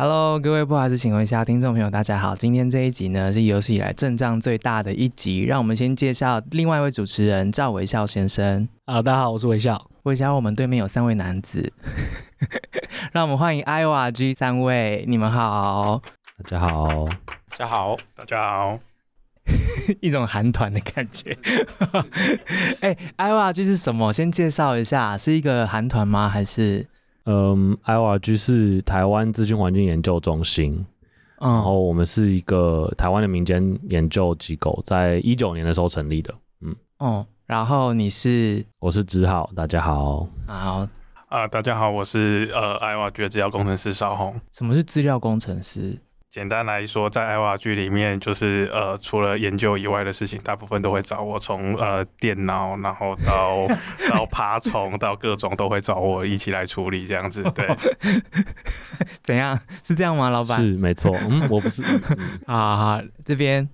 Hello，各位不好意思，請問一下聽眾朋友，大家好。今天這一集呢是有史以來陣仗最大的一集，讓我們先介紹另外一位主持人趙微笑先生。好，大家好，我是微笑。微笑我們對面有三位男子， 讓我們歡迎 IORG 三位，你們好。大家好，大家好，大家好，大家好，一種韓團的感覺。哎、 欸、，IORG 是什麼？先介紹一下，是一個韓團嗎？還是？嗯，IORG 的是台灣資訊環境研究中心，嗯、然後我們是一個台灣的民間研究機構，在一九年的時候成立的。嗯，哦、嗯，然後你是？我是子浩，大家好。好啊、呃，大家好，我是呃 IORG 的資料工程師邵紅。什麼是資料工程師？嗯簡單來說，在 IORG 裡面，就是呃，除了研究以外的事情，大部分都會找我。從呃電腦，然後到 到爬蟲，到各種都會找我一起來處理這樣子。對， 怎樣？是這樣嗎，老闆？是，沒錯。嗯，我不是、 嗯、啊。這邊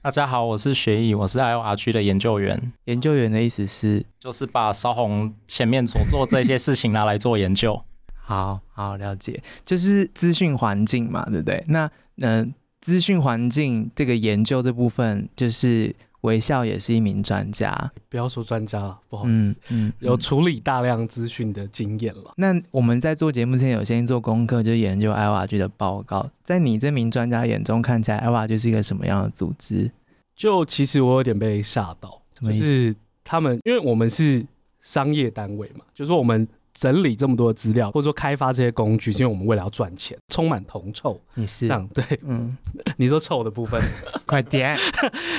大家好，我是學義，我是 IORG 的研究員。研究員的意思是，就是把燒紅前面所做這些事情拿來做研究。 好好了解，就是資訊環境嘛，對不對？那呃，資訊環境這個研究這部分，就是微笑也是一名專家，不要說專家了，不好意思，嗯嗯、有處理大量資訊的經驗了。那我們在做節目之前有先做功課，就研究 IORG 的報告，在你這名專家眼中看起來，IORG 是一個什麼樣的組織？就其實我有點被嚇到，什麼意思？就是他們，因為我們是商業單位嘛，就是說我們。整理這麼多的資料，或者說開發這些工具，是因為我們為了要賺錢，充滿銅臭。你是這樣對？嗯，你說臭的部分，快點。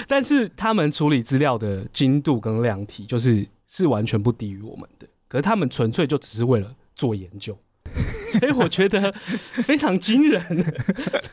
但是他們處理資料的精度跟量體，就是是完全不低於我們的。可是他們純粹就只是為了做研究， 所以我覺得非常驚人。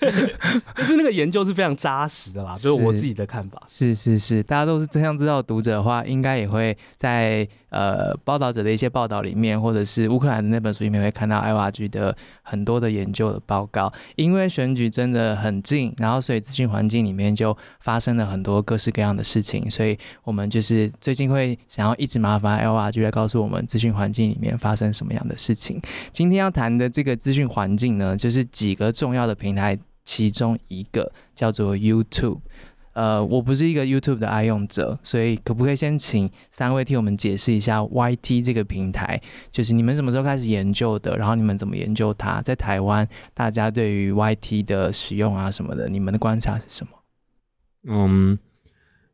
就是那個研究是非常扎實的啦，就是我自己的看法。是是是，是，大家都是真相，知道的讀者的話，應該也會在。呃，報道者的一些報道裡面，或者是烏克蘭的那本書裡面，會看到 IORG 的很多的研究的報告。因為選舉真的很近，然後所以資訊環境裡面就發生了很多各式各樣的事情。所以我們就是最近會想要一直麻煩 IORG 來告訴我們資訊環境裡面發生什麼樣的事情。今天要談的這個資訊環境呢，就是幾個重要的平台，其中一個叫做 YouTube。呃，我不是一個 YouTube 的愛用者，所以可不可以先請三位替我們解釋一下 YT 這個平台？就是你們什麼時候開始研究的？然後你們怎麼研究它？在台灣，大家對於 YT 的使用啊什麼的，你們的觀察是什麼？嗯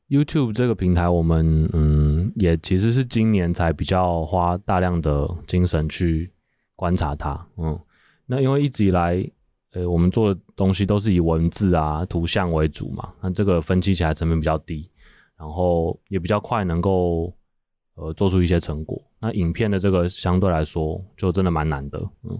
，YouTube 這個平台，我們嗯也其實是今年才比較花大量的精神去觀察它。嗯，那因為一直以來。對，我們做的東西都是以文字啊、圖像為主嘛，那這個分析起來成本比較低，然後也比較快，能夠呃做出一些成果。那影片的這個相對來說就真的蠻難的，嗯，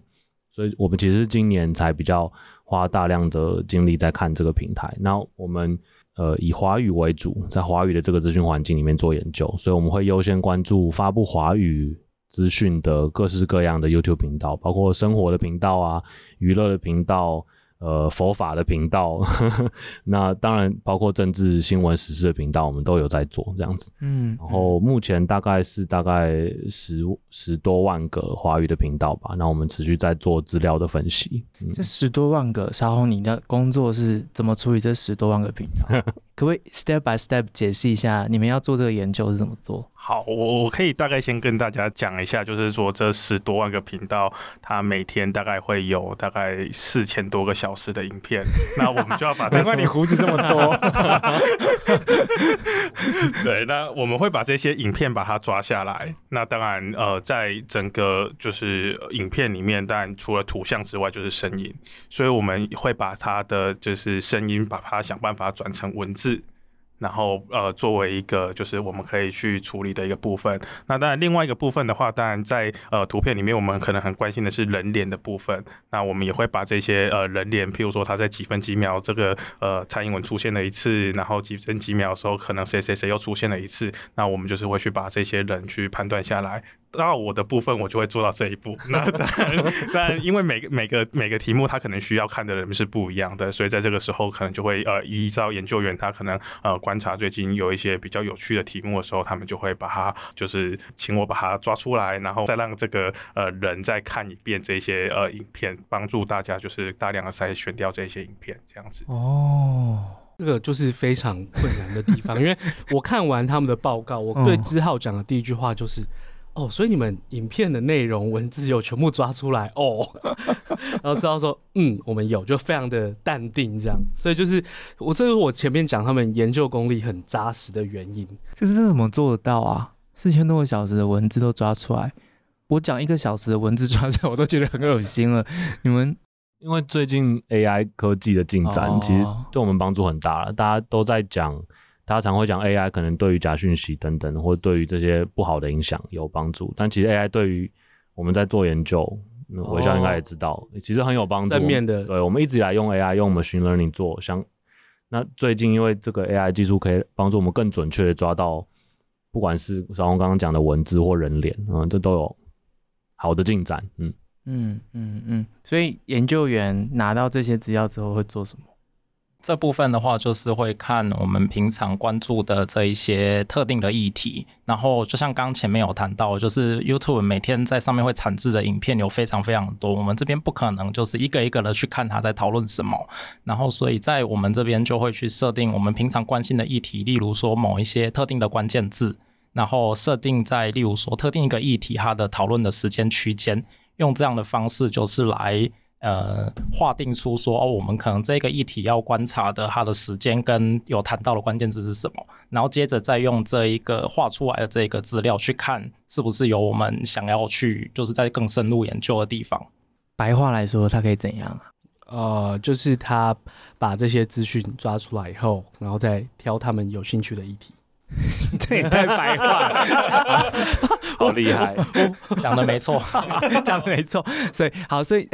所以我們其實今年才比較花大量的精力在看這個平台。那我們呃以華語為主，在華語的這個資訊環境裡面做研究，所以我們會優先關注發布華語。資訊的各式各樣的 YouTube 頻道，包括生活的頻道啊，娛樂的頻道，呃，佛法的頻道呵呵，那當然包括政治新聞時事的頻道，我們都有在做這樣子。嗯，然後目前大概是大概十十多萬個華語的頻道吧，那我們持續在做資料的分析。嗯，這十多萬個，小鴻，你的工作是怎麼處理這十多萬個頻道？ 可不可以 step by step 解釋一下你們要做這個研究是怎麼做？好，我我可以大概先跟大家講一下，就是說這十多萬個頻道，它每天大概會有大概四千多個小時的影片。 那我們就要把這你，你 鬍子這麼多。 對，那我們會把這些影片把它抓下來。那當然，呃，在整個就是影片裡面，但除了圖像之外，就是聲音，所以我們會把它的就是聲音，把它想辦法轉成文字。然後呃，作為一個就是我們可以去處理的一個部分，那當然，另外一個部分的話，當然在呃圖片裡面，我們可能很關心的是人臉的部分。那我們也會把這些呃人臉，譬如說他在幾分幾秒這個呃蔡英文出現了一次，然後幾分幾秒的時候可能誰誰誰又出現了一次，那我們就是會去把這些人去判斷下來。到我的部分，我就會做到這一步。那但，但因為每個每個每個題目，他可能需要看的人是不一樣的，所以在這個時候，可能就會呃，依照研究員他可能呃觀察最近有一些比較有趣的題目的時候，他們就會把它就是請我把它抓出來，然後再讓這個呃人再看一遍這些呃影片，幫助大家就是大量的篩選掉這些影片這樣子。哦， 這個就是非常困難的地方，因為我看完他們的報告，我對之浩講的第一句話就是。嗯哦，所以你們影片的內容文字有全部抓出來哦， 然後知道說，嗯，我們有就非常的淡定這樣，所以就是我這是我前面講他們研究功力很扎實的原因。其實這是怎麼做得到啊？四千多個小時的文字都抓出來，我講一個小時的文字抓出來，我都覺得很惡心了。 你們因為最近 AI 科技的進展，哦、其實對我們幫助很大了，大家都在講。他常會講 AI 可能對於假訊息等等，或對於這些不好的影響有幫助。但其實 AI 對於我們在做研究，我想，哦嗯，應該也知道，其實很有幫助。正面的，對，我們一直以來用 AI 用 machine learning 做，嗯，像那最近因為這個 AI 技術可以幫助我們更準確地抓到，不管是像我剛剛講的文字或人臉，嗯，這都有好的進展。嗯嗯嗯嗯，所以研究員拿到這些資料之後會做什麼？這部分的話，就是會看我們平常關注的這一些特定的議題。然後，就像剛前面有談到，就是 YouTube 每天在上面會產制的影片有非常非常多，我們這邊不可能就是一個一個的去看他在討論什麼。然後，所以在我們這邊就會去設定我們平常關心的議題，例如說某一些特定的關鍵字，然後設定在例如說特定一個議題它的討論的時間區間，用這樣的方式就是來。呃，劃定出說哦，我們可能這個議題要觀察的，它的時間跟有談到的關鍵字是什麼，然後接着再用這一個畫出來的這個資料去看，是不是有我們想要去，就是在更深入研究的地方。白話來說，它可以怎樣啊？呃，就是他把這些資訊抓出來以後，然後再挑他們有興趣的議題。 對，太白話了、 啊，好厲害，我講的沒錯， 講的沒錯。所以好，所以。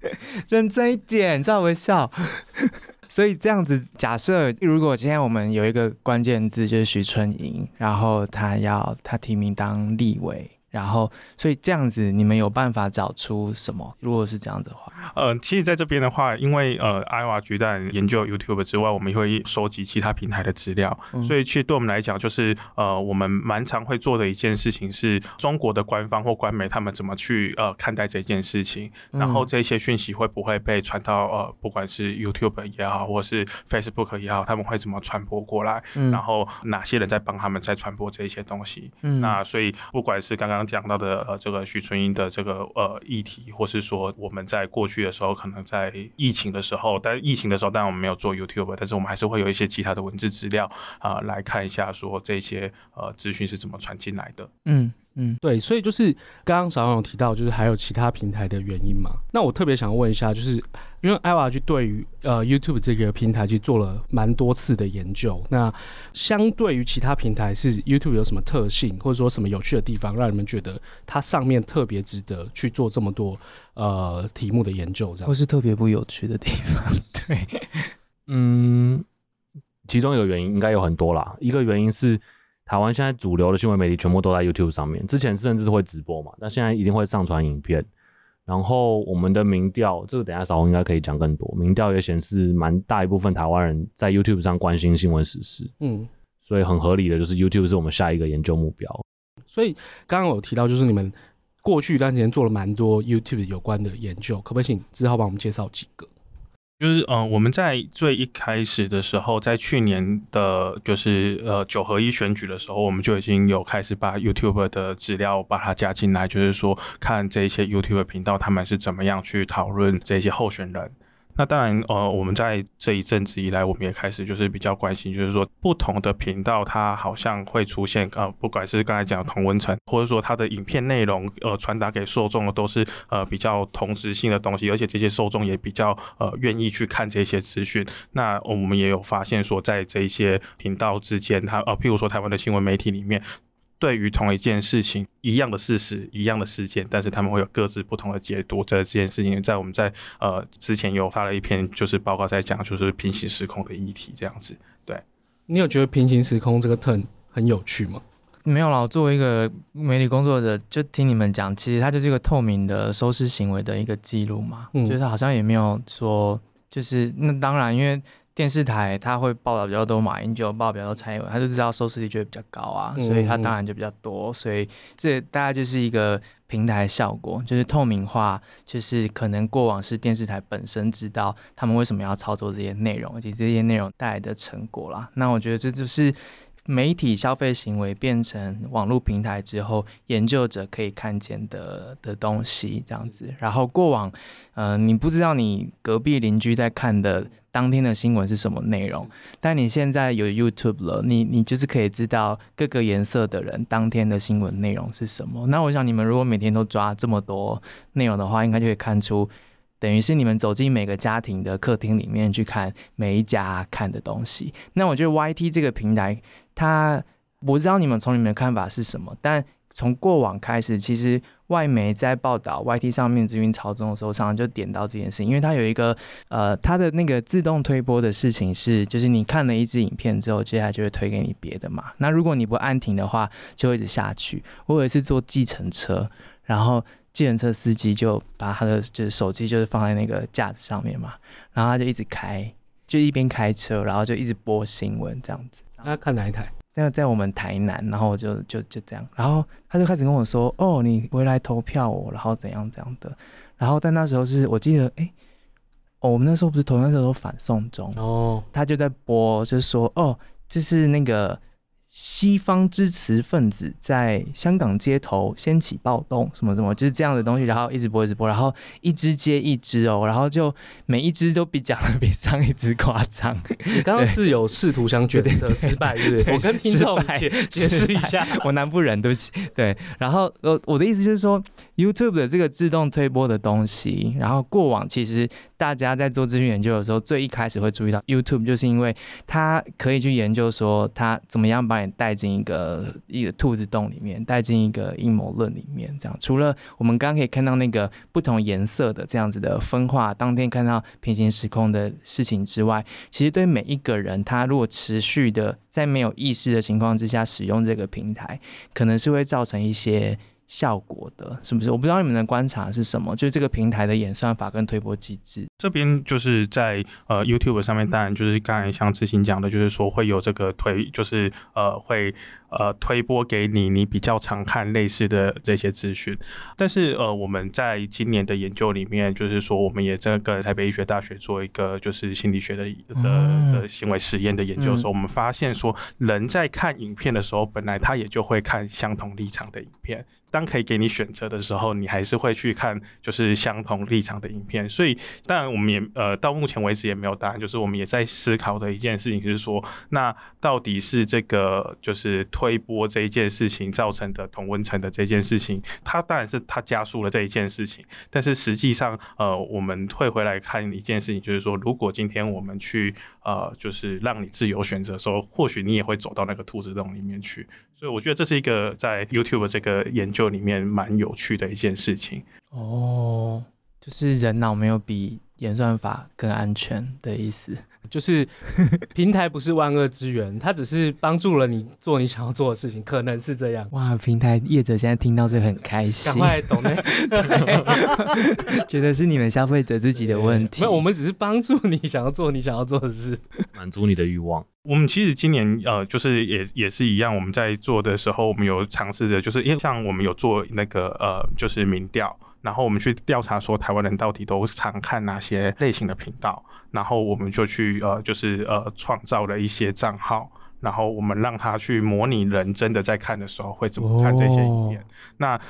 認真一點，你知道我微笑。 所以這樣子假、假設如果今天我們有一個關鍵字就是徐春瑩，然後他要他提名當立委。然後，所以這樣子，你們有辦法找出什麼？如果是這樣子的話，呃，其實在這邊的話，因為呃，IORG 除了研究 YouTube 之外，我們也會收集其他平台的資料。嗯、所以，其實對我們來講，就是呃，我們蠻常會做的一件事情是，中國的官方或官媒他們怎麼去呃看待這件事情，嗯、然後這些訊息會不會被傳到呃，不管是 YouTube 也好，或是 Facebook 也好，他們會怎麼傳播過來？嗯、然後哪些人在幫他們在傳播這些東西？嗯，那所以，不管是剛剛。講到的呃，這個徐春英的這個呃議題，或是說我們在過去的時候，可能在疫情的時候，但疫情的時候，當然我們沒有做 YouTube，但是我們還是會有一些其他的文字資料啊、呃，來看一下說這些呃資訊是怎麼傳進來的。嗯。嗯，對，所以就是剛剛小黃有提到，就是還有其他平台的原因嘛？那我特別想問一下，就是因為 IORG 對於呃 YouTube 這個平台去做了蠻多次的研究，那相對於其他平台，是 YouTube 有什麼特性，或者說什麼有趣的地方，讓你們覺得它上面特別值得去做這麼多呃題目的研究這樣，或是特別不有趣的地方？對，嗯，其中一個原因應該有很多啦，一個原因是。台灣現在主流的新聞媒體全部都在 YouTube 上面，之前甚至會直播嘛，但現在一定會上傳影片。然後我們的民調，這個等一下小紅應該可以講更多。民調也顯示，蠻大一部分台灣人在 YouTube 上關心新聞時事。嗯，所以很合理的，就是 YouTube 是我們下一個研究目標。所以剛剛我有提到，就是你們過去一段時間做了蠻多 YouTube 有關的研究，可不可以請志浩幫我們介紹幾個？就是嗯、呃，我們在最一開始的時候，在去年的，就是呃九合一選舉的時候，我們就已經有開始把 YouTube 的資料把它加進來，就是說看這一些 YouTube 頻道他們是怎麼樣去討論這些候選人。那當然，呃，我們在這一陣子以來，我們也開始就是比較關心，就是說不同的頻道，它好像會出現，呃，不管是剛才講同溫層，或者說它的影片內容，呃，傳達給受眾的都是呃比較同質性的東西，而且這些受眾也比較呃願意去看這些資訊。那我們也有發現，說在這一些頻道之間，它呃，譬如說台灣的新聞媒體裡面。對於同一件事情，一樣的事實，一樣的事件，但是他們會有各自不同的解讀。這這件事情，在我們在呃之前有發了一篇就是報告，在講就是平行時空的議題這樣子。對，你有覺得平行時空這個 turn 很有趣嗎？沒有啦，作為一個媒體工作者，就聽你們講，其實它就是一個透明的收視行為的一個記錄嘛。嗯，就是好像也沒有說，就是那當然因為。電視台他會報道比較多馬英九，Angel、報道比較多蔡英文，他就知道收視率就會比較高啊，嗯、所以他當然就比較多。所以這大概就是一個平台的效果，就是透明化，就是可能過往是電視台本身知道他們為什麼要操作這些內容，而且這些內容帶來的成果啦。那我覺得這就是。媒體消費行為變成網絡平台之後，研究者，可以看見的的東西，這樣子。然後過往，呃，你不知道你隔壁鄰居在看的當天的新聞是什麼內容，但你現在有 YouTube 了，你你就是可以知道各個顏色的人當天的新聞內容是什麼。那我想你們如果每天都抓這麼多內容的話，應該就可以看出。等於是你們走進每個家庭的客廳裡面去看每一家看的東西。那我覺得 YT 這個平台，它我不知道你們從你們的看法是什麼，但從過往開始，其實外媒在報道 YT 上面資訊操縱的時候，常常就點到這件事情，因為它有一個呃，它的那個自動推播的事情是，就是你看了一支影片之後，接下來就會推給你別的嘛。那如果你不按停的話，就會一直下去。我有一次坐計程車，然後，計程車司機就把他的就是手機就是放在那個架子上面嘛，然後他就一直開，就一邊開車，然後就一直播新聞這樣子。那、啊、看哪一台？那在我們台南，然後我就就就這樣，然後他就開始跟我說：“哦，你回來投票哦，然後怎樣怎樣的。”然後但那時候是我記得，哎、欸哦，我們那時候不是投票那時候反送中哦，他就在播，就是說：“哦，這是那個。”西方支持分子在香港街頭掀起暴動，什麼什麼，就是這樣的東西，然後一直播一直播，然後一支接一支哦，然後就每一支都比講的比上一支誇張。剛剛 對是有試圖想決定的失敗，是不是？我跟聽眾解解釋一下，我南部人，對不起。對，然後呃，我的意思就是說，YouTube 的這個自動推播的東西，然後過往其實大家在做資訊研究的時候，最一開始會注意到 YouTube，就是因為他可以去研究說他怎麼樣把你。帶進一個一個兔子洞裡面，帶進一個陰謀論裡面，這樣。除了我們剛剛可以看到那個不同顏色的這樣子的分化，當天看到平行時空的事情之外，其實對每一個人，他如果持續的在沒有意識的情況之下使用這個平台，可能是會造成一些。效果的，是不是？我不知道你們的觀察的是什麼，就是這個平台的演算法，跟推播機制。嗯、這邊就是在呃 YouTube 上面，當然就是剛才像執行講的，就是說會有這個推，就是呃會。呃，推播給你，你比較常看類似的這些資訊。但是，呃，我們在今年的研究裡面，就是說，我們也在跟台北醫學大學做一個就是心理學的的的行為實驗的研究的時候，嗯嗯、我們發現說，人在看影片的時候，本來他也就會看相同立場的影片。當可以給你選擇的時候，你還是會去看就是相同立場的影片。所以，當然，我們也呃到目前為止也沒有答案。就是我們也在思考的一件事情就是說，那到底是這個就是。推播這一件事情造成的同溫層的這一件事情，它當然是他加速了這一件事情，但是實際上，呃，我們退回來看一件事情，就是說，如果今天我們去呃，就是讓你自由選擇，說或許你也會走到那個兔子洞裡面去。所以我覺得這是一個在 YouTube 這個研究裡面蠻有趣的一件事情。哦，oh, 就是人腦沒有比演算法更安全的意思。就是平台不是萬惡之源， 它只是幫助了你做你想要做的事情，可能是這樣。哇，平台業者現在聽到這很開心， 懂的， 對 覺得是你們消費者自己的問題。對對對，那我們只是幫助你想要做你想要做的事，滿足你的欲望。我們其實今年呃，就是也也是一樣，我們在做的時候，我們有嘗試着，就是因為像我們有做那個呃，就是民調。然後我們去調查說，台灣人到底都常看哪些類型的頻道，然後我們就去呃就是呃創造了一些賬號，然後我們讓他去模擬人真的在看的時候會怎麼看這些影片，哦、那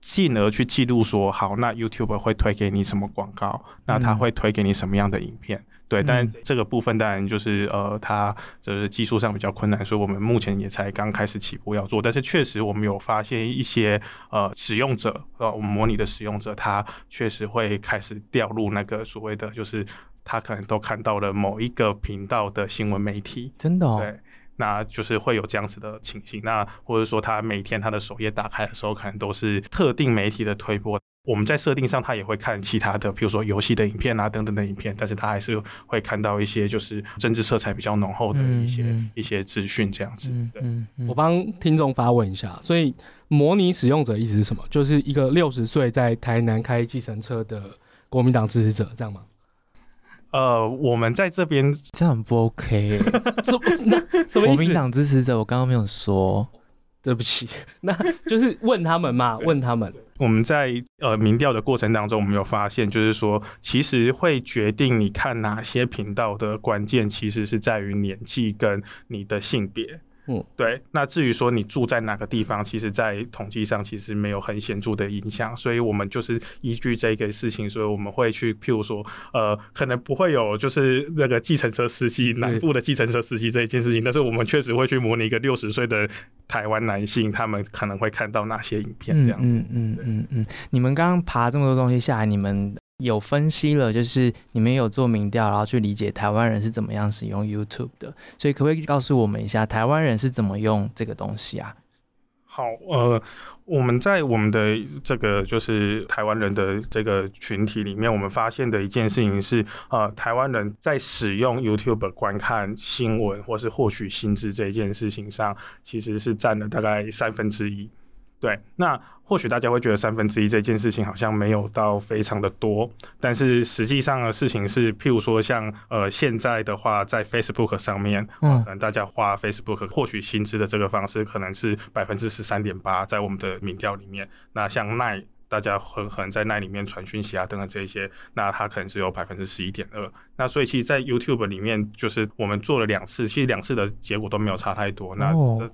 進而去記錄說好，那 YouTube 會推給你什麼廣告，那他會推給你什麼樣的影片。嗯對，但這個部分當然就是呃，它就是技術上比較困難，所以我們目前也才剛開始起步要做。但是確實我們有發現一些呃使用者，呃，我們模擬的使用者，他確實會開始掉入那個所謂的，就是他可能都看到了某一個頻道的新聞媒體，真的哦，對，那就是會有這樣子的情形。那或者說他每天他的首頁打開的時候，可能都是特定媒體的推播。我們在設定上，他也會看其他的，譬如說遊戲的影片啊，等等的影片，但是他還是會看到一些就是政治色彩比較濃厚的一些、嗯嗯、一些資訊這樣子。對。我幫聽眾發問一下，所以模擬使用者意思是什麼？就是一個六十歲在台南開計程車的國民黨支持者，這樣嗎？呃，我們在這邊這樣不 OK？ 什,什國民黨支持者？我剛剛沒有說。對不起，那就是問他們嘛， 對問他們。我們在呃民調的過程當中，我們有發現，就是說，其實會決定你看哪些頻道的關鍵，其實是在於年紀跟你的性別。嗯，對。那至於說你住在哪個地方，其實在統計上其實沒有很顯著的影響。所以，我們就是依據這個事情，所以我們會去，譬如說，呃，可能不會有就是那個計程車司機南部的計程車司機這一件事情，是但是我們確實會去模擬一個六十歲的台灣男性，他們可能會看到哪些影片這樣子。嗯嗯嗯嗯嗯，你們剛剛爬這麼多東西下來，你們。有分析了，就是你們有做民調，然後去理解台灣人是怎麼樣使用 YouTube 的，所以可不可以告訴我們一下，台灣人是怎麼用這個東西啊？好，呃，我們在我們的這個就是台灣人的這個群體裡面，我們發現的一件事情是，呃，台灣人在使用 YouTube 觀看新聞或是獲取新知這一件事情上，其實是占了大概三分之一。3, 對，那。或許大家會覺得三分之一這件事情好像沒有到非常的多，但是實際上的事情是，譬如說像呃現在的話，在 Facebook 上面，嗯，可能、啊、大家花 Facebook 獲取薪資的這個方式，可能是百分之十三點八，在我們的民調裡面。那像奈。大家很可能在那裡面傳訊息啊等等這些，那它可能只有百分之十一點二。那所以其實，在 YouTube 裡面，就是我們做了兩次，其實兩次的結果都沒有差太多。那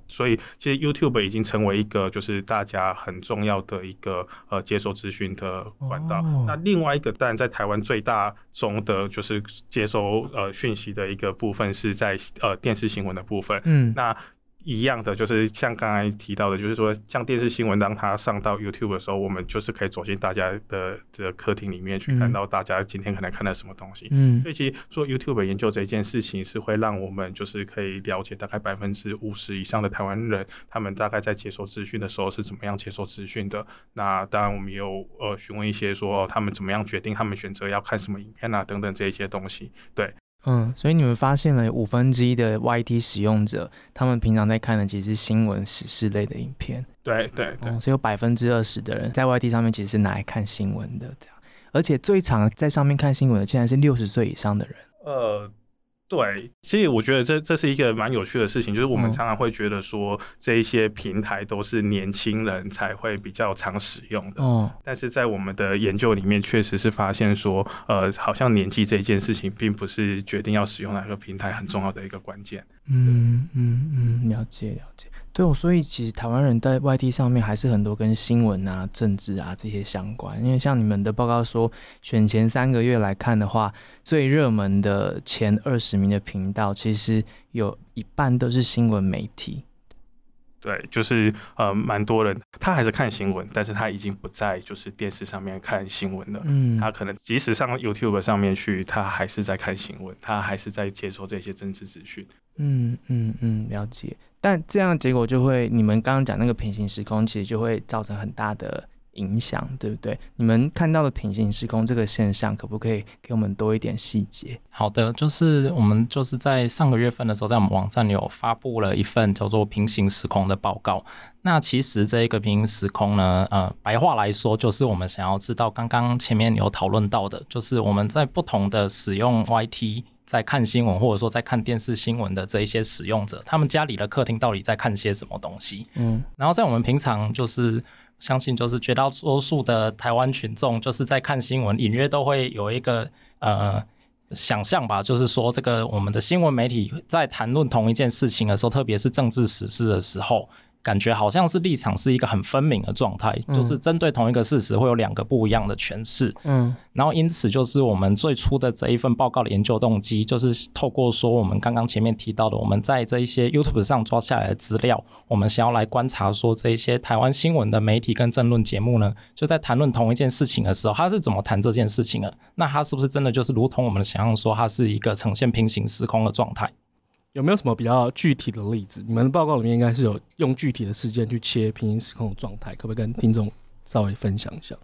所以其實 YouTube 已經成為一個就是大家很重要的一個呃接收資訊的管道。哦、那另外一個，當然在台灣最大中的就是接收呃訊息的一個部分是在呃電視新聞的部分。嗯。那。一樣的就是像剛才提到的，就是說像電視新聞當它上到 YouTube 的時候，我們就是可以走進大家的這個客廳裡面去，看到大家今天可能看到什麼東西。嗯，所以其實做 YouTube 研究這件事情是會讓我們就是可以了解大概百分之五十以上的台灣人，他們大概在接收資訊的時候是怎麼樣接收資訊的。那當然我們也有呃詢問一些說他們怎麼樣決定他們選擇要看什麼影片啊等等這一些東西，對。嗯，所以你們發現了五分之一的 YT 使用者，他們平常在看的其實是新聞時事類的影片。對對對，嗯，所以有百分之二十的人在 YT 上面其實是拿來看新聞的，這樣。而且最常在上面看新聞的，竟然是六十歲以上的人。呃。對，所以我覺得這這是一個蠻有趣的事情，就是我們常常會覺得說，這一些平台都是年輕人才會比較常使用的。哦，但是在我們的研究裡面，確實是發現說，呃，好像年紀這一件事情，並不是決定要使用哪個平台很重要的一個關鍵。嗯嗯嗯，了解了解。對哦，所以其實台灣人在 YT 上面還是很多跟新聞啊、政治啊這些相關。因為像你們的報告說，選前三個月來看的話，最熱門的前二十名的頻道，其實有一半都是新聞媒體。對，就是呃，蠻多人他還是看新聞，但是他已經不在就是電視上面看新聞了。嗯，他可能即使上 YouTube 上面去，他還是在看新聞，他還是在接收這些政治資訊。嗯嗯嗯，了解。但這樣的結果就會，你們剛剛講那個平行時空，其實就會造成很大的。影響對不對？你們看到的平行時空這個現象，可不可以給我們多一點細節？好的，就是我們就是在上個月份的時候，在我們網站裡有發布了一份叫做“平行時空”的報告。那其實這個平行時空呢，呃，白話來說就是我們想要知道，剛剛前面有討論到的，就是我們在不同的使用 YT 在看新聞，或者說在看電視新聞的這一些使用者，他們家裡的客廳到底在看些什麼東西？嗯，然後在我們平常就是。相信就是絕大多數的台灣群眾，就是在看新聞，隱約都會有一個呃想象吧，就是說這個我們的新聞媒體在談論同一件事情的時候，特別是政治時事的時候。感覺好像是立場是一個很分明的狀態，嗯、就是針對同一個事實會有兩個不一樣的詮釋。嗯，然後因此就是我們最初的這一份報告的研究動機，就是透過說我們剛剛前面提到的，我們在這一些 YouTube 上抓下來的資料，我們想要來觀察說這一些台灣新聞的媒體跟政論節目呢，就在談論同一件事情的時候，它是怎麼談這件事情的？那它是不是真的就是如同我們想象說它是一個呈現平行時空的狀態？有沒有什麼比較具體的例子？你們報告裡面應該是有用具體的事件去切平行時空的狀態，可不可以跟聽眾稍微分享一下？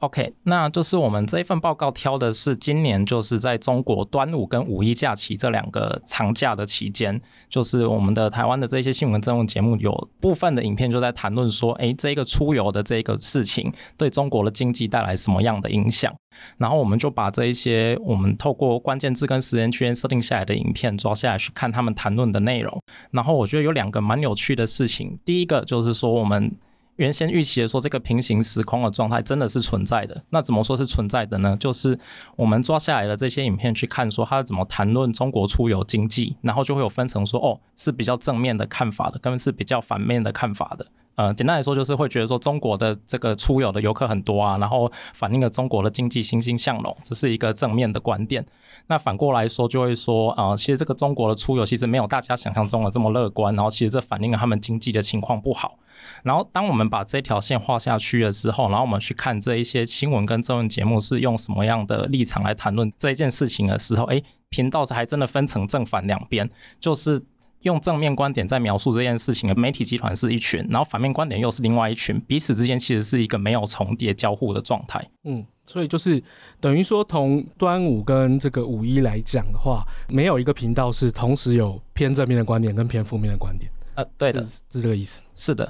OK，那就是我們這一份報告挑的是今年，就是在中國端午跟五一假期這兩個長假的期間，就是我們的台灣的這些新聞政論節目有部分的影片就在談論說，誒，這個出遊的這個事情對中國的經濟帶來什麼樣的影響。然後我們就把這一些我們透過關鍵字跟時間區間設定下來的影片抓下來去看他們談論的內容。然後我覺得有兩個蠻有趣的事情，第一個就是說我們。原先預期的說，這個平行時空的狀態真的是存在的。那怎麼說是存在的呢？就是我們抓下來的這些影片去看，說他怎麼談論中國出遊經濟，然後就會有分成說，哦，是比較正面的看法的，跟是比較反面的看法的。呃，簡單來說就是會覺得說中國的這個出遊的遊客很多啊，然後反映了中國的經濟欣欣向榮，這是一個正面的觀點。那反過來說，就會說啊、呃，其實這個中國的出遊其實沒有大家想象中的這麼樂觀，然後其實這反映了他們經濟的情況不好。然後當我們把這條線畫下去的時候，然後我們去看這一些新聞跟新聞節目是用什麼樣的立場來談論這件事情的時候，哎、欸，頻道是還真的分成正反兩邊，就是。用正面觀點在描述這件事情的媒體集團是一群，然後反面觀點又是另外一群，彼此之間其實是一個沒有重疊交互的狀態。嗯，所以就是等於說，從端午跟這個五一來講的話，沒有一個頻道是同時有偏正面的觀點跟偏負面的觀點。呃，對的，是，是這個意思。是的，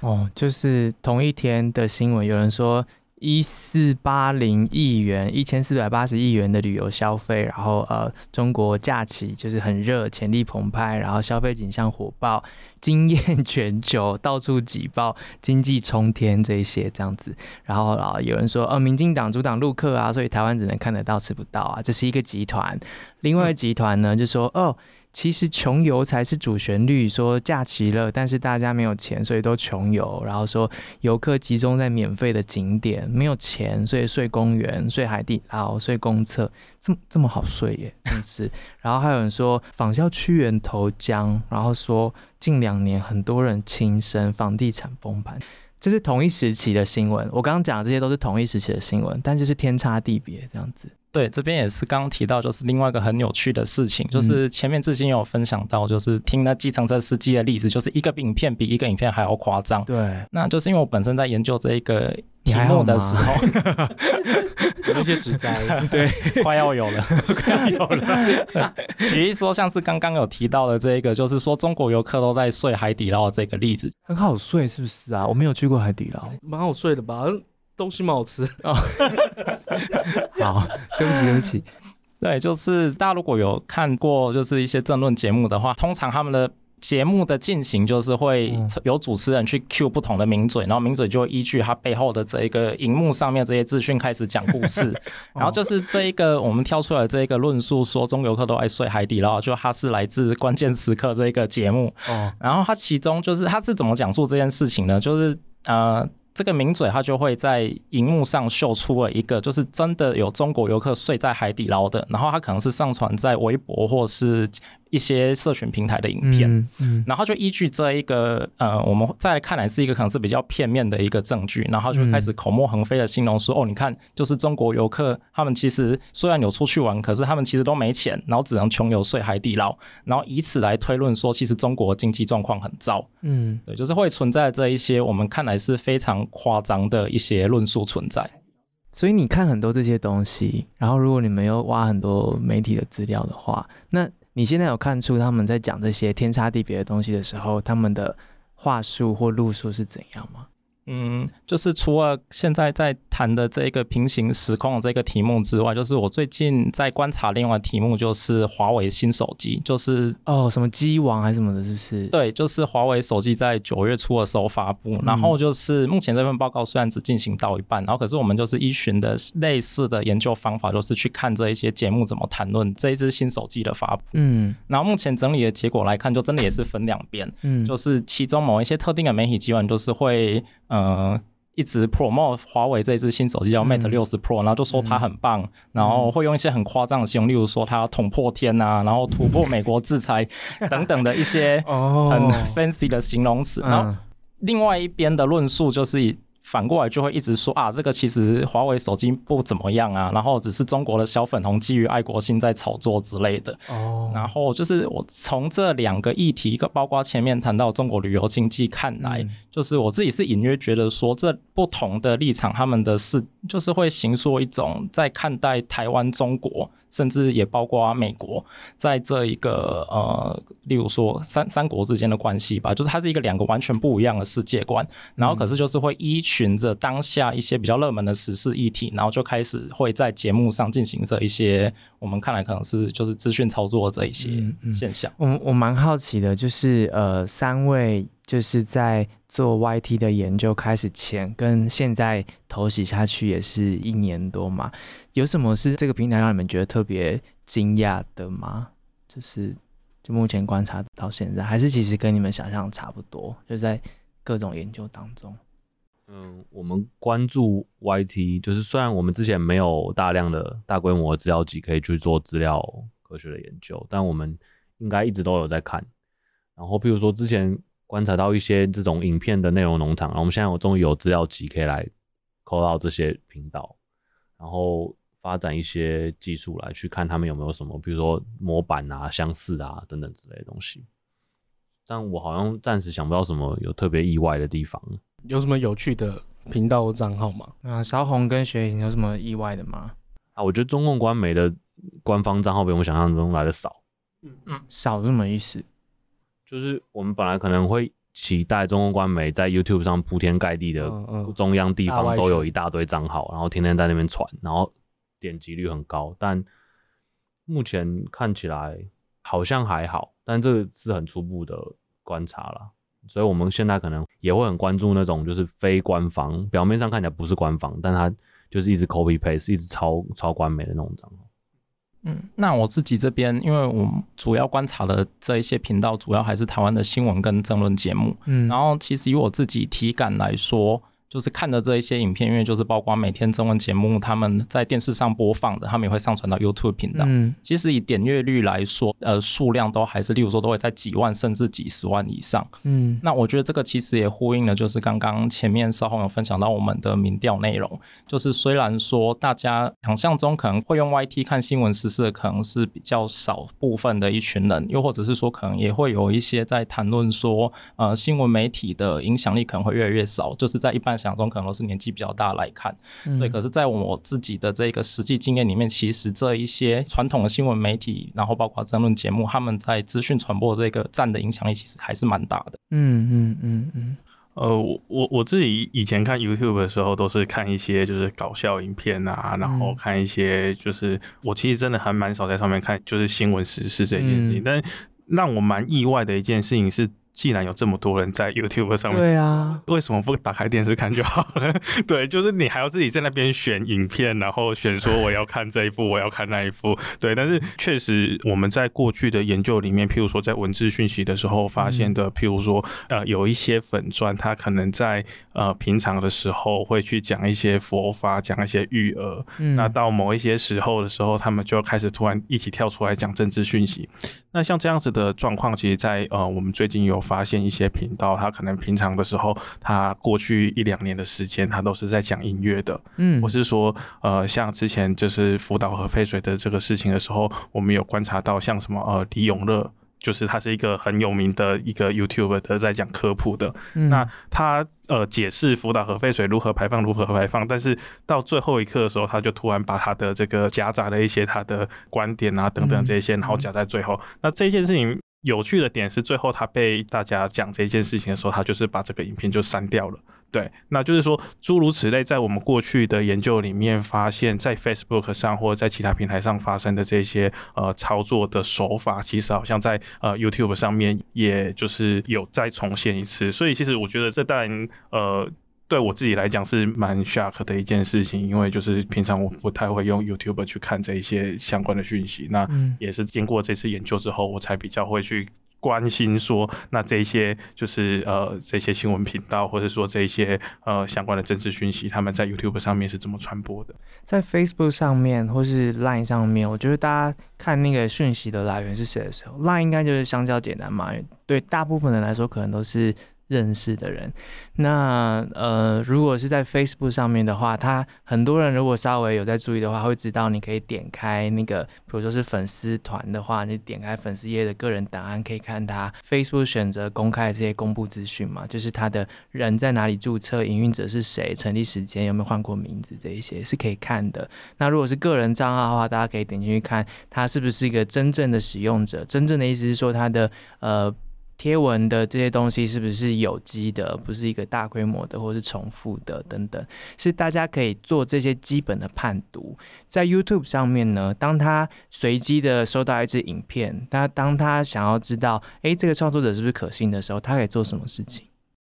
哦、嗯，就是同一天的新聞，有人說。一四八零億元，一千四百八十億元的旅遊消費，然後呃，中國假期就是很熱，潛力澎湃，然後消費景象火爆，驚豔全球，到處擠爆，經濟衝天，這一些這樣子，然後啊，有人說哦，民進黨阻擋陸客啊，所以台灣只能看得到，吃不到啊，這是一個集團，另外一集團呢就說哦。其實窮遊才是主旋律，說假期了，但是大家沒有錢，所以都窮遊。然後說遊客集中在免費的景點，沒有錢，所以睡公園、睡海底撈然後睡公廁，這麼這麼好睡耶，真是。 然後還有人說仿效屈原投江，然後說近兩年很多人輕生，房地產崩盤，這是同一時期的新聞。我剛剛講的這些都是同一時期的新聞，但就是天差地別這樣子。對，這邊也是剛剛提到，就是另外一個很有趣的事情，就是前面至今有分享到，就是聽那計程車司機的例子，就是一個比影片比一個影片還要誇張。對，那就是因為我本身在研究這一個題目的時候， 有一些指摘對，快要有了，快要有了。舉例說，像是剛剛有提到的這一個，就是說中國遊客都在睡海底撈的這個例子，很好睡是不是啊？我沒有去過海底撈，蠻好睡的吧？東西蠻好吃哦， 好，對不起，對不起。對，就是大家如果有看過就是一些政論節目的話，通常他們的節目的進行就是會有主持人去 Q 不同的名嘴，嗯、然後名嘴就會依據他背後的這一個熒幕上面這些資訊開始講故事。 然後就是這一個我們挑出來這一個論述，說中國遊客都愛睡海底撈，就他是來自《關鍵時刻》這一個節目。哦、嗯。然後他其中就是他是怎麼講述這件事情呢？就是呃。這個名嘴他就會在熒幕上秀出了一個，就是真的有中國遊客睡在海底撈的，然後他可能是上傳在微博或是。一些社群平台的影片，嗯嗯、然後就依據這一個呃，我們在看來是一個可能是比較片面的一個證據，然後就開始口沫橫飛的形容說：“嗯、哦，你看，就是中國遊客他們其實雖然有出去玩，可是他們其實都沒錢，然後只能窮遊睡海底撈，然後以此來推論說，其實中國經濟狀況很糟。”嗯，對，就是會存在這一些我們看來是非常誇張的一些論述存在。所以你看很多這些東西，然後如果你沒有挖很多媒體的資料的話，那。你現在有看出他們在講這些天差地別的東西的時候，他們的話術或路數是怎樣嗎？嗯，就是除了現在在談的這個平行時空的這個題目之外，就是我最近在觀察另外題目就，就是華為新手機，就是哦，什麼機王還是什麼的，是不是？對，就是華為手機在九月初的時候發布，嗯，然後就是目前這份報告雖然只進行到一半，然後可是我們就是依循的類似的研究方法，就是去看這一些節目怎麼談論這一支新手機的發布。嗯，然後目前整理的結果來看，就真的也是分兩邊，嗯，就是其中某一些特定的媒體機關就是會。嗯、呃，一直 promote 華為這一支新手機叫 Mate 六十 Pro，嗯、然後就說它很棒，嗯、然後會用一些很誇張的形容，嗯、例如說它要捅破天吶、啊，然後突破美國制裁 等等的一些很 fancy 的形容詞。哦、然後另外一邊的論述就是以。反過來就會一直說啊，這個其實華為手機不怎麼樣啊，然後只是中國的小粉紅基於愛國心在炒作之類的。哦，oh. 然後就是我從這兩個議題，一個包括前面談到中國旅遊經濟，看來、嗯、就是我自己是隱約覺得說，這不同的立場，他們的事就是會形塑一種在看待台灣、中國，甚至也包括美國在這一個呃，例如說三三國之間的關係吧，就是它是一個兩個完全不一樣的世界觀，嗯、然後可是就是會依。循着當下一些比較熱門的時事議題，然後就開始會在節目上進行着一些我們看來可能是就是資訊操作這一些現象。嗯嗯、我我蠻好奇的，就是呃，三位就是在做 YT 的研究開始前跟現在頭洗下去也是一年多嘛，有什麼是這個平台讓你們覺得特別驚訝的嗎？就是就目前觀察到現在，還是其實跟你們想象差不多，就在各種研究當中。嗯，我們關注 YT，就是雖然我們之前沒有大量的、大規模的資料集可以去做資料科學的研究，但我們應該一直都有在看。然後，譬如說之前觀察到一些這種影片的內容農場，然後我們現在我終於有資料集可以來扣到這些頻道，然後發展一些技術來去看他們有沒有什麼，比如說模板啊、相似啊等等之類的東西。但我好像暫時想不到什麼有特別意外的地方。有什麼有趣的頻道賬號嗎？啊，小紅跟雪影有什麼意外的嗎？啊，我覺得中共官媒的官方賬號比我們想象中來得少。嗯嗯，少是什麼意思？就是我們本來可能會期待中共官媒在 YouTube 上鋪天蓋地的，中央地方都有一大堆賬號，然後天天在那邊傳，然後點擊率很高。但目前看起來好像還好，但這是很初步的觀察了。所以，我們現在可能也會很關注那種，就是非官方，表面上看起來不是官方，但它就是一直 copy paste，一直抄抄官媒的那種賬號。嗯，那我自己這邊，因為我主要觀察的這一些頻道，主要還是台灣的新聞跟政論節目。嗯，然後其實以我自己體感來說。就是看的這一些影片，因為就是包括每天新聞節目他們在電視上播放的，他們也會上傳到 YouTube 頻道。嗯，其實以點閱率來說，呃，數量都還是，例如說都會在幾萬甚至幾十萬以上。嗯，那我覺得這個其實也呼應了，就是剛剛前面稍後有分享到我們的民調內容，就是雖然說大家想象中可能會用 YT 看新聞時事的，可能是比較少部分的一群人，又或者是說可能也會有一些在談論說，呃，新聞媒體的影響力可能會越來越少，就是在一般。想中可能都是年紀比較大來看，嗯、對。可是，在我自己的這個實際經驗裡面，其實這一些傳統的新聞媒體，然後包括政論節目，他們在資訊傳播這個占的影響力，其實還是蠻大的。嗯嗯嗯嗯。嗯嗯嗯呃，我我我自己以前看 YouTube 的時候，都是看一些就是搞笑影片啊，嗯、然後看一些就是我其實真的還蠻少在上面看就是新聞時事這件事情。嗯、但讓我蠻意外的一件事情是。既然有這麼多人在 YouTube 上面，對啊，為什麼不打開電視看就好了？ 對，就是你還要自己在那邊選影片，然後選說我要看這一部， 我要看那一部。對，但是確實我們在過去的研究裡面，譬如說在文字訊息的時候發現的，嗯、譬如說呃有一些粉專，他可能在呃平常的時候會去講一些佛法，講一些育兒，嗯、那到某一些時候的時候，他們就開始突然一起跳出來講政治訊息。那像這樣子的狀況，其實在呃我們最近有。發現一些頻道，他可能平常的時候，他過去一兩年的時間，他都是在講音樂的，嗯，或是說呃，像之前就是福島核廢水的這個事情的時候，我們有觀察到，像什麼呃李永樂，就是他是一個很有名的一個 YouTuber 的，在講科普的，嗯、那他呃解釋福島核廢水如何排放如何排放，但是到最後一刻的時候，他就突然把他的這個夾雜了一些他的觀點啊等等這些，嗯、然後夾在最後，嗯、那這件事情。有趣的點是，最後他被大家講這件事情的時候，他就是把這個影片就刪掉了。對，那就是說，諸如此類，在我們過去的研究裡面發現，在 Facebook 上或者在其他平台上發生的這些呃操作的手法，其實好像在呃 YouTube 上面也就是有再重現一次。所以，其實我覺得這當然呃。對我自己來講是蠻 shock 的一件事情，因為就是平常我不太會用 YouTube 去看這一些相關的訊息，那也是經過這次研究之後，我才比較會去關心說，那這些就是呃這些新聞頻道，或者說這些呃相關的政治訊息，他們在 YouTube 上面是怎麼傳播的？在 Facebook 上面或是 Line 上面，我覺得大家看那個訊息的來源是誰的時候，Line 應該就是相較簡單嘛，對大部分的人來說可能都是認識的人，那呃，如果是在 Facebook 上面的話，他很多人如果稍微有在注意的話，會知道你可以點開那個，比如說是粉絲團的話，你點開粉絲頁的個人檔案，可以看他 Facebook 選擇公開的這些公布資訊嘛，就是他的人在哪裡註冊，營運者是誰，成立時間有沒有換過名字，這一些是可以看的。那如果是個人賬號的話，大家可以點進去看，他是不是一個真正的使用者。真正的意思是說他的呃。貼文的這些東西是不是有機的，不是一個大規模的，或是重複的等等，是大家可以做這些基本的判讀。在 YouTube 上面呢，當他隨機的收到一支影片，他當他想要知道，誒，這個創作者是不是可信的時候，他可以做什麼事情？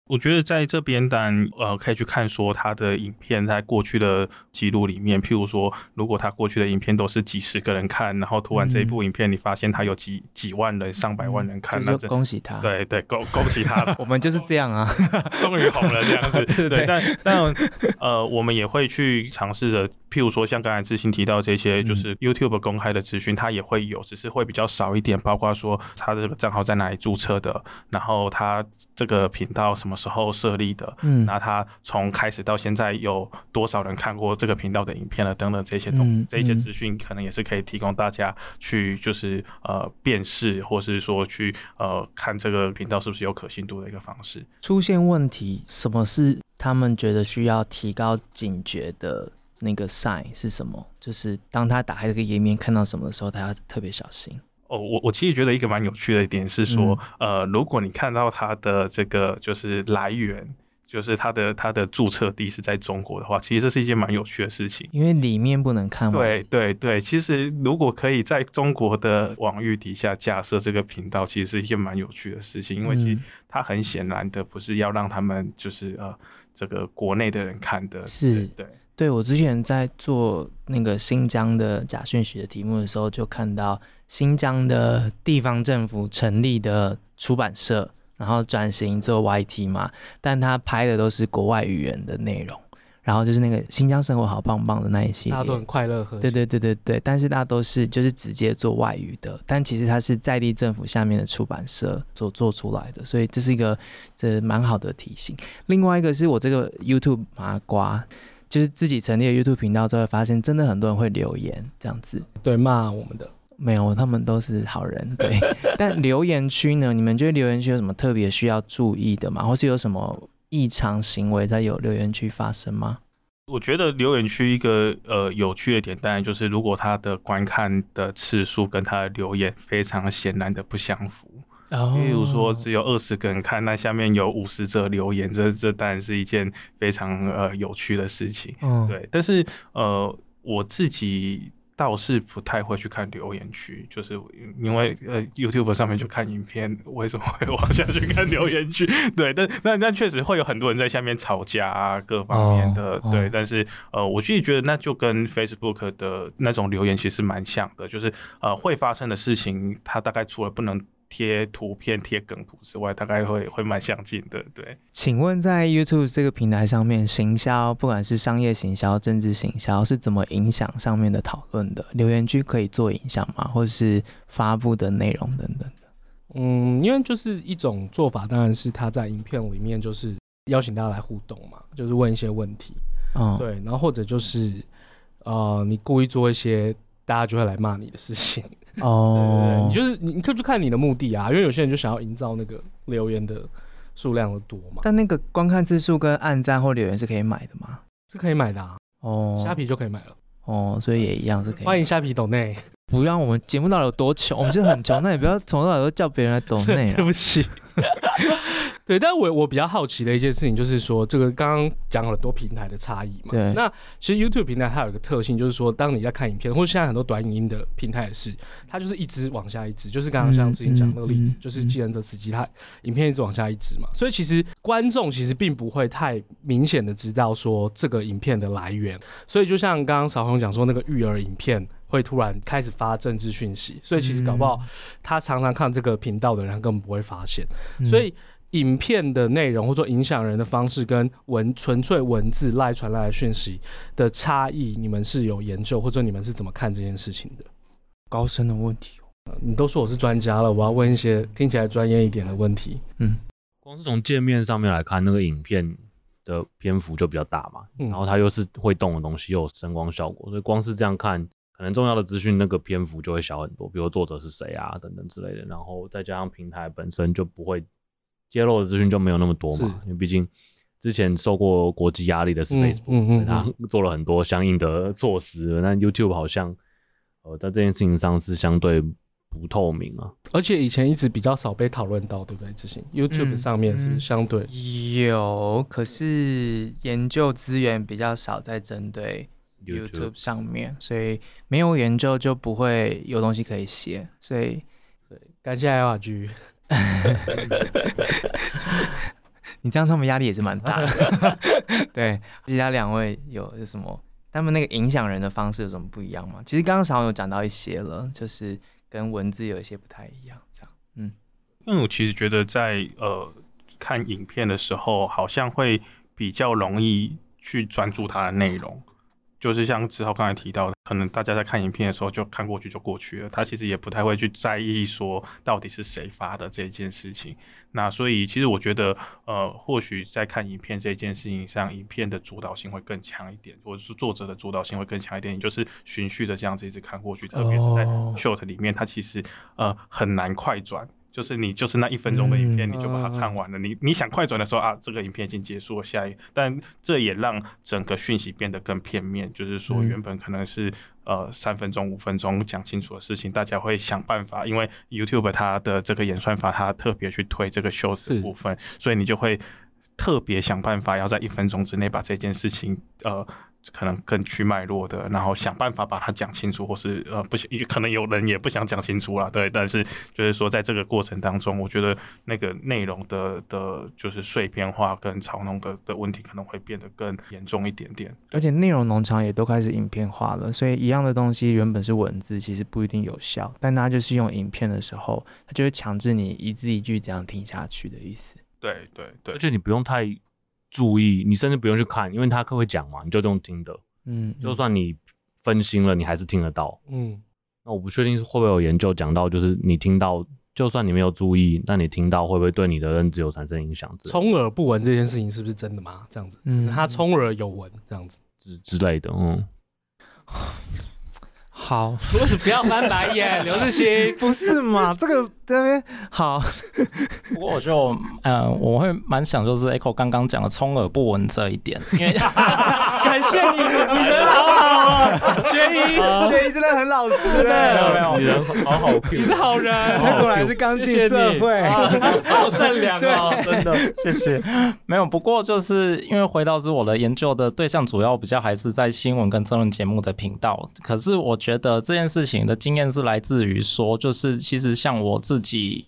我覺得在這邊但呃，可以去看說他的影片在過去的記錄裡面，譬如說，如果他過去的影片都是幾十個人看，然後突然這一部影片，你發現他有幾幾萬人、嗯、上百萬人看，那就恭喜他，對對，恭恭喜他了。 我們就是這樣啊，哦、終於紅了這樣子， 對，對。但但呃，我們也會去嘗試着，譬如說像剛才志新提到這些，就是 YouTube 公開的資訊，他、嗯、也會有，只是會比較少一點，包括說他的賬號在哪裡注冊的，然後他這個頻道什麼。時候設立的，那、嗯、他從開始到現在有多少人看過這個頻道的影片了？等等這些東西，嗯嗯、這些資訊可能也是可以提供大家去就是呃辨識，或是說去呃看這個頻道是不是有可信度的一個方式。出現問題，什麼是他們覺得需要提高警覺的那個 sign 是什麼？就是當他打開這個頁面看到什麼的時候，他要特別小心。哦，我我其實覺得一個蠻有趣的一點是說，嗯、呃，如果你看到它的這個就是來源，就是它的它的註冊地是在中國的話，其實這是一件蠻有趣的事情。因為裡面不能看嘛。對對對，其實如果可以在中國的網域底下架設這個頻道，其實是一件蠻有趣的事情。因為其實它很顯然的不是要讓他們就是呃這個國內的人看的。是對，對，對。對我之前在做那個新疆的假訊息的題目的時候，就看到，新疆的地方政府成立的出版社，然後轉型做 YT 嘛，但他拍的都是國外語言的內容，然後就是那個“新疆生活好棒棒”的那一系列，大家都很快樂。對對對對對，但是大家都是就是直接做外語的，但其實他是在地政府下面的出版社做做出來的，所以這是一個這蠻好的提醒。另外一個是我這個 YouTube 麻瓜，就是自己成立的 YouTube 頻道之後，發現真的很多人會留言這樣子，對罵我們的。沒有，他們都是好人。對，但留言區呢？你們覺得留言區有什麼特別需要注意的嗎？或是有什麼異常行為在有留言區發生嗎？我覺得留言區一個呃有趣的點，當然就是如果他的觀看的次數跟他的留言非常顯然的不相符，例、oh. 如說只有二十個人看，那下面有五十則留言，這這當然是一件非常呃有趣的事情。嗯，oh. 對。但是呃，我自己。倒是不太會去看留言區，就是因為呃，YouTube 上面就看影片，為什麼會往下去看留言區？ 對，但那那確實會有很多人在下面吵架啊，各方面的，哦，對，哦，但是呃，我自己覺得那就跟 Facebook 的那種留言其實蠻像的，就是呃會發生的事情，它大概除了不能。貼圖片、貼梗圖之外，大概會會蠻相近的，對。請問在 YouTube 這個平台上面，行銷不管是商業行銷、政治行銷，是怎麼影響上面的討論的？留言區可以做影響嗎？或者是發佈的內容等等的？嗯，因為就是一種做法，當然是他在影片裡面就是邀請大家來互動嘛，就是問一些問題，嗯，對。然後或者就是，呃，你故意做一些大家就會來罵你的事情。哦對對對，你就是你，你可以去看你的目的啊，因為有些人就想要營造那個留言的數量的多嘛。但那個觀看次數跟按讚或留言是可以買的嗎？是可以買的、啊、哦，蝦皮就可以買了哦，所以也一樣是可以。歡迎蝦皮抖內，不要我們節目到底有多窮，我們是很窮，那也不要從頭到尾都叫別人來抖內 對不起。對，但我我比較好奇的一件事情就是說，這個剛剛講了很多平台的差異嘛。對那其實 YouTube 平台它有一個特性，就是說，當你在看影片，或者現在很多短影音的平台也是，它就是一直往下一直，就是剛剛像之前講那個例子，嗯嗯嗯、就是《急診者司機》它影片一直往下一直嘛。嗯嗯、所以其實觀眾其實並不會太明顯的知道說這個影片的來源。所以就像剛剛小紅講說，那個育兒影片會突然開始發政治訊息，所以其實搞不好他常常看這個頻道的人根本不會發現。嗯、所以。影片的內容，或者影響人的方式，跟文純粹文字賴傳來的訊息的差異，你們是有研究，或者你們是怎麼看這件事情的？高深的問題！你都說我是專家了，我要問一些聽起來專業一點的問題。嗯，光是從界面上面來看，那個影片的篇幅就比較大嘛，然後它又是會動的東西，又有聲光效果，所以光是這樣看，可能重要的資訊那個篇幅就會小很多，比如作者是誰啊，等等之類的。然後再加上平台本身就不會揭露的資訊就沒有那麼多嘛，是因為畢竟之前受過國際壓力的是 Facebook，、嗯、做了很多相應的措施。那、嗯、YouTube 好像、嗯、呃在這件事情上是相對不透明啊，而且以前一直比較少被討論到，對不對？這些 YouTube 上面是，是相對、嗯嗯、有，可是研究資源比較少在針對 YouTube 上面，YouTube 所以沒有研究就不會有東西可以寫。所以，對，感謝 IORG。 你這樣，他們壓力也是蠻大的。 對，其他兩位有什麼？他們那個影響人的方式有什麼不一樣嗎？其實剛剛小黃有講到一些了，就是跟文字有一些不太一樣。這樣，嗯，因為、嗯、我其實覺得在呃看影片的時候，好像會比較容易去專注它的內容。就是像志浩剛才提到的，可能大家在看影片的時候就看過去就過去了，他其實也不太會去在意說到底是誰發的這件事情。那所以其實我覺得，呃，或許在看影片這件事情上，影片的主導性會更強一點，或者是作者的主導性會更強一點，也就是循序的這樣子一直看過去，特別是在 short 裡面，它其實呃很難快轉。就是你就是那一分鐘的影片，你就把它看完了。嗯啊、你你想快轉的時候啊，這個影片已經結束了。下一，但這也讓整個訊息變得更片面。就是說，原本可能是、嗯、呃三分鐘、五分鐘講清楚的事情，大家會想辦法，因為 YouTube 它的這個演算法它特別去推這個 Shorts 的部分，是所以你就會特別想辦法要在一分鐘之內把這件事情呃。可能更去脈絡的，然後想辦法把它講清楚，或是呃不行，也可能有人也不想講清楚了，對。但是就是說，在這個過程當中，我覺得那個內容的的，就是碎片化跟嘲弄的的問題，可能會變得更嚴重一點點。而且內容農場也都開始影片化了，所以一樣的東西原本是文字，其實不一定有效，但它就是用影片的時候，它就會強制你一字一句這樣聽下去的意思。對對對。就你不用太。注意，你甚至不用去看，因為他可會講嘛，你就用聽的。嗯，嗯，就算你分心了，你還是聽得到。嗯，那我不確定是會不會有研究講到，就是你聽到，就算你沒有注意，但你聽到會不會對你的認知有產生影響？充耳不聞這件事情是不是真的嗎？這樣子，嗯，他充耳有聞這樣子之、嗯、之類的，嗯。 好 不是，不要翻白眼，劉志新，不是嘛？ 這個 這邊、個、好。不 過我覺得我，嗯、呃，我會蠻想，就是 Echo 剛剛講的充耳不聞這一點，因為。 感 謝，謝你， 你人好好啊，學醫學醫真的很老實，欸、 的，沒有，沒有你人好好，你 是好人，你 果然是剛進社會，好善良啊，喔，對 真的，謝謝。 沒有，不過就是因為回到是我的研究的對象，主要比較還是在新聞跟政論節目的頻道。可是我覺得這件事情的經驗是來自於說，就是其實像我自己。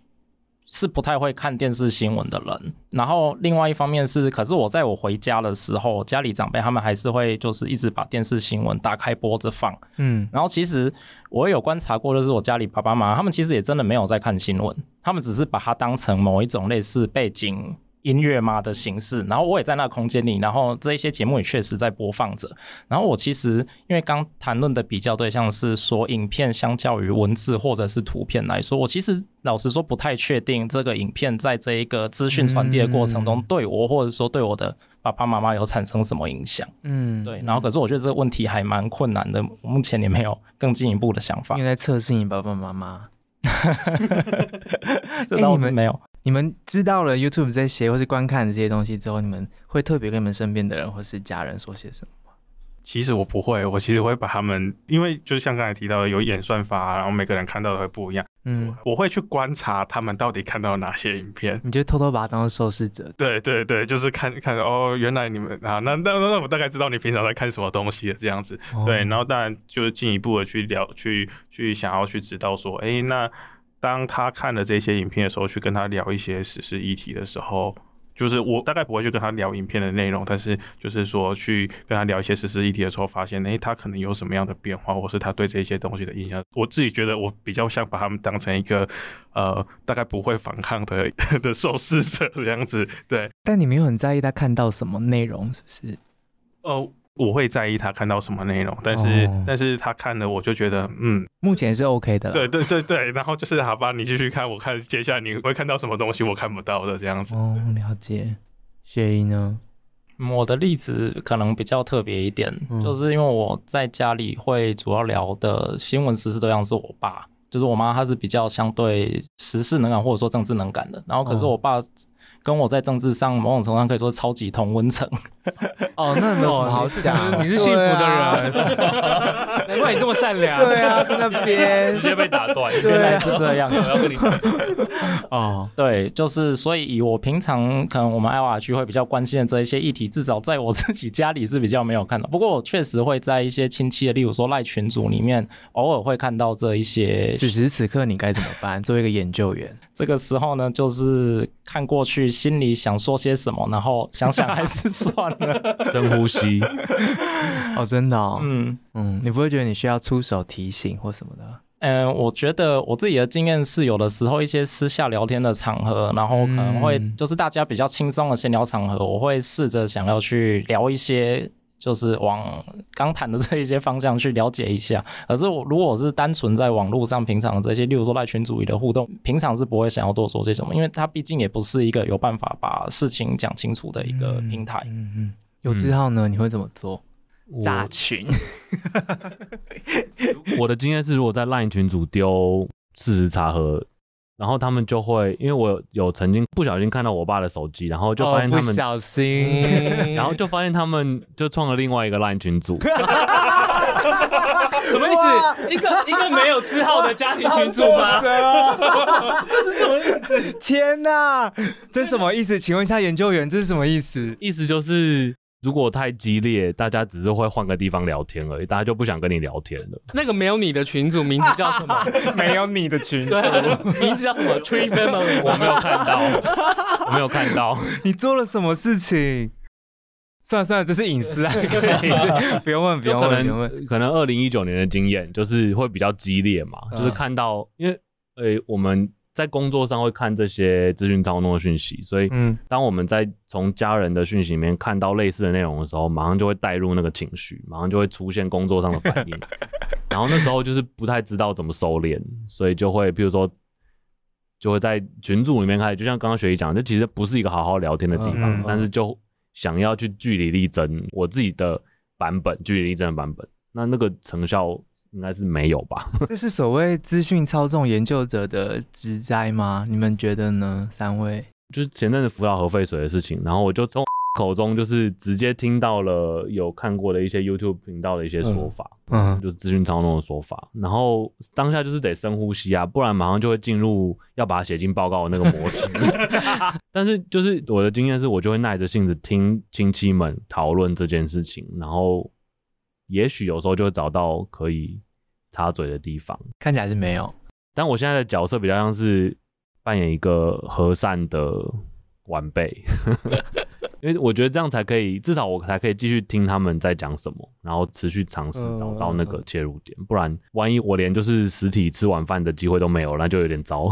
是不太會看電視新聞的人，然後另外一方面是，可是我在我回家的時候，家裡長輩他們還是會就是一直把電視新聞打開播着放，嗯，然後其實我有觀察過，就是我家裡爸爸媽媽他們其實也真的沒有在看新聞，他們只是把它當成某一種類似背景。音樂嘛的形式，然後我也在那個空間裡，然後這一些節目也確實在播放着。然後我其實因為剛談論的比較對象是說，影片相較於文字或者是圖片來說，我其實老實說不太確定這個影片在這一個資訊傳遞的過程中，對我、嗯、或者說對我的爸爸媽媽有產生什麼影響？嗯，對。然後可是我覺得這個問題還蠻困難的，目前也沒有更進一步的想法。你應該測試你爸爸媽媽？ 這倒我是沒有。欸你們知道了 YouTube 在寫或是觀看這些東西之後，你們會特別跟你們身邊的人或是家人說些什麼嗎？其實我不會，我其實會把他們，因為就是像剛才提到的有演算法、啊，然後每個人看到的會不一樣。嗯，我會去觀察他們到底看到哪些影片。你就偷偷把他當受試者。對對對，就是看看哦，原來你們啊，那那那，那我大概知道你平常在看什麼東西了這樣子。哦、對，然後當然就是進一步的去聊，去去想要去知道說，哎、欸、那。當他看了這些影片的時候，去跟他聊一些時事議題的時候，就是我大概不會去跟他聊影片的內容，但是就是說去跟他聊一些時事議題的時候，發現誒、欸，他可能有什麼樣的變化，或是他對這些東西的印象，我自己覺得我比較想把他們當成一個呃，大概不會反抗的 的受試者這樣子，對。但你沒有很在意他看到什麼內容，是不是？哦。呃我會在意他看到什麼內容，但是、哦、但是他看了我就覺得，嗯，目前是 OK 的對。對對對對，然後就是好吧，你繼續看，我看接下來你會看到什麼東西我看不到的這樣子。哦，了解。謝姨對呢、嗯？我的例子可能比較特別一點，嗯、就是因為我在家裡會主要聊的新聞時事都像是我爸，就是我媽她是比較相對時事敏感或者說政治敏感的，然後可是我爸、哦。跟我在政治上某種程度上可以說超級同溫層。 哦，那沒什麼好講，哦，你是幸福的人，啊、 難怪你這麼善良。對啊，在那邊直接被打斷，原來是這樣。啊、我要跟你講 哦，對，就是所以，以我平常可能我們 IORG 會比較關心的這一些議題，至少在我自己家裡是比較沒有看到。不過我確實會在一些親戚的，例如說賴群組裡面，偶爾會看到這一些。此時此刻你該怎麼辦？作為一個研究員，這個時候呢，就是看過。去心裡想說些什麼，然後想想還是算了， 深呼吸。 哦，真的，哦真的哦。嗯嗯，嗯你不會覺得你需要出手提醒或什麼的？嗯，我覺得我自己的經驗是，有的時候一些私下聊天的場合，然後可能會就是大家比較輕鬆的閒聊場合，嗯、我會試着想要去聊一些。就是往剛談的這一些方向去了解一下，可是我如果是單純在網絡上平常這些，例如說 LINE 群組裡的互動，平常是不會想要多說些什麼，因為它畢竟也不是一個有辦法把事情講清楚的一個平台。嗯嗯，嗯嗯嗯，游知澔呢，嗯、你會怎麼做？扎群。我的經驗是，如果在 LINE 群組丟事實查核。然後他們就會，因為我有曾經不小心看到我爸的手機，然後就發現他們，oh, 不小心，然 後就發現他們就創了另外一個 LINE 群組 什麼意思？哇一個一個沒有字號的家庭群組嗎？這 是 什麼意思？天哪、啊，這什麼意思？請問一下研究員，這是什麼意思？ 意思就是。如果太激烈，大家只是會換個地方聊天而已，大家就不想跟你聊天了。那個沒有你的群主，名字叫什麼？ 沒有你的群主 名字叫什麼 ？Tree Family， 我沒有看到，我沒有看到。 你做了什麼事情？算了算了，這是隱私啊，可以 不用問，不用問。可能二零一九年的經驗就是會比較激烈嘛， 就是看到，因為呃、欸，我們。在工作上會看這些資訊操控的訊息，所以，當我們在從家人的訊息裡面看到類似的內容的時候，馬上就會帶入那個情緒，馬上就會出現工作上的反應， 然後那時候就是不太知道怎麼收斂，所以就會，譬如說，就會在群組裡面開始，就像剛剛學一講，的，其實不是一個好好聊天的地方，嗯嗯，但是就想要去據理力爭，我自己的版本，據理力爭的版本，那那個成效。應該是沒有吧？這是所謂資訊操縱研究者的職災嗎？你們覺得呢？三位就是前陣子福島核廢水的事情，然後我就從口中就是直接聽到了有看過的一些 YouTube 頻道的一些說法，嗯，嗯就是資訊操縱的說法。嗯、然後當下就是得深呼吸啊，不然馬上就會進入要把它寫進報告的那個模式。 但是就是我的經驗是我就會耐着性子聽親戚們討論這件事情，然後也許有時候就會找到可以。插嘴的地方看起來是沒有，但我現在的角色比較像是扮演一個和善的晚輩， 因為我覺得這樣才可以，至少我才可以繼續聽他們在講什麼，然後持續嘗試找到那個切入點，呃、不然萬一我連就是實體吃晚飯的機會都沒有，那就有點糟。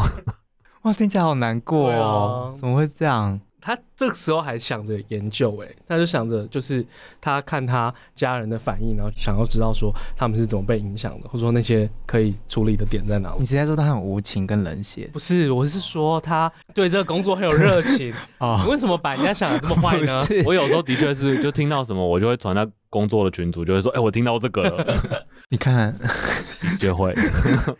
哇，聽起來好難過哦，啊、怎麼會這樣？他這個時候還想着研究、欸，哎，他就想着就是他看他家人的反應，然後想要知道說他們是怎麼被影響的，或者說那些可以處理的點在哪裡。你直接說他很無情跟冷血，不是，我是說他對這個工作很有熱情啊。 你為什麼把人家想的這麼壞呢？ 是我有時候的確是就聽到什麼我就會傳到。工作的群組就會說：“哎、欸，我聽到這個了， 你看,看，就會，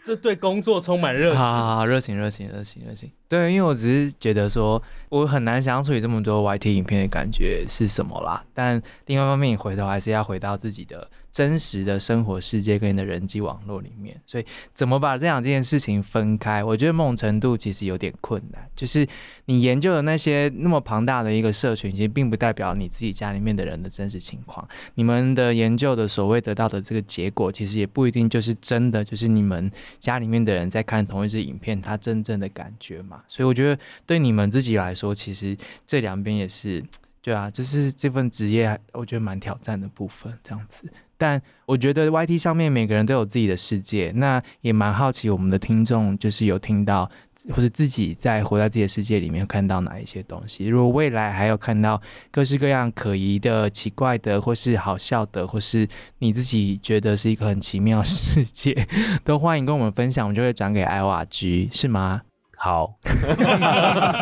這 對工作充滿熱情,好好好，熱情，熱情，熱情，熱情。對，因為我只是覺得說，我很難想處理這麼多 YT 影片的感覺是什麼啦？但另外一方面，你回頭還是要回到自己的。”真實的生活世界跟你的人際網絡裡面，所以怎麼把這兩件事情分開？我覺得某種程度其實有點困難。就是你研究的那些那麼龐大的一個社群，其實並不代表你自己家裡面的人的真實情況。你們的研究的所謂得到的這個結果，其實也不一定就是真的，就是你們家裡面的人在看同一支影片，他真正的感覺嘛。所以我覺得對你們自己來說，其實這兩邊也是對啊，就是這份職業，我覺得蠻挑戰的部分，這樣子。但我覺得 YT 上面每個人都有自己的世界，那也蠻好奇我們的聽眾就是有聽到或是自己在活在自己的世界裡面看到哪一些東西。如果未來還有看到各式各樣可疑的、奇怪的，或是好笑的，或是你自己覺得是一個很奇妙的世界， 都歡迎跟我們分享，我們就會轉給 IORG，是嗎？好，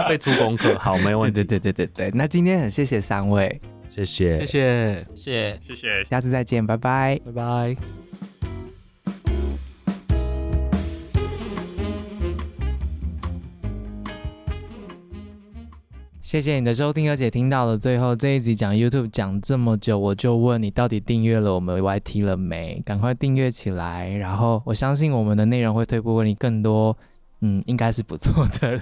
被 出功課，好，沒問題，對，對對對對。那今天很謝謝三位。謝謝，謝謝，謝謝，謝，謝，下次再見，謝謝，拜拜，拜拜。謝謝你的收聽，而且聽到了最後這一集講 YouTube 講這麼久，我就問你到底訂閱了我們 YT 了沒？趕快訂閱起來，然後我相信我們的內容會推播給你更多。嗯，應該是不錯的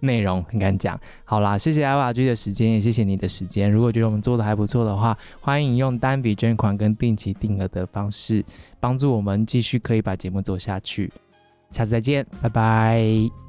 內容，很敢講。好啦，謝謝 IORG 的時間，也謝謝你的時間。如果覺得我們做的還不錯的話，歡迎用單筆捐款跟定期定額的方式幫助我們繼續可以把節目做下去。下次再見，拜拜。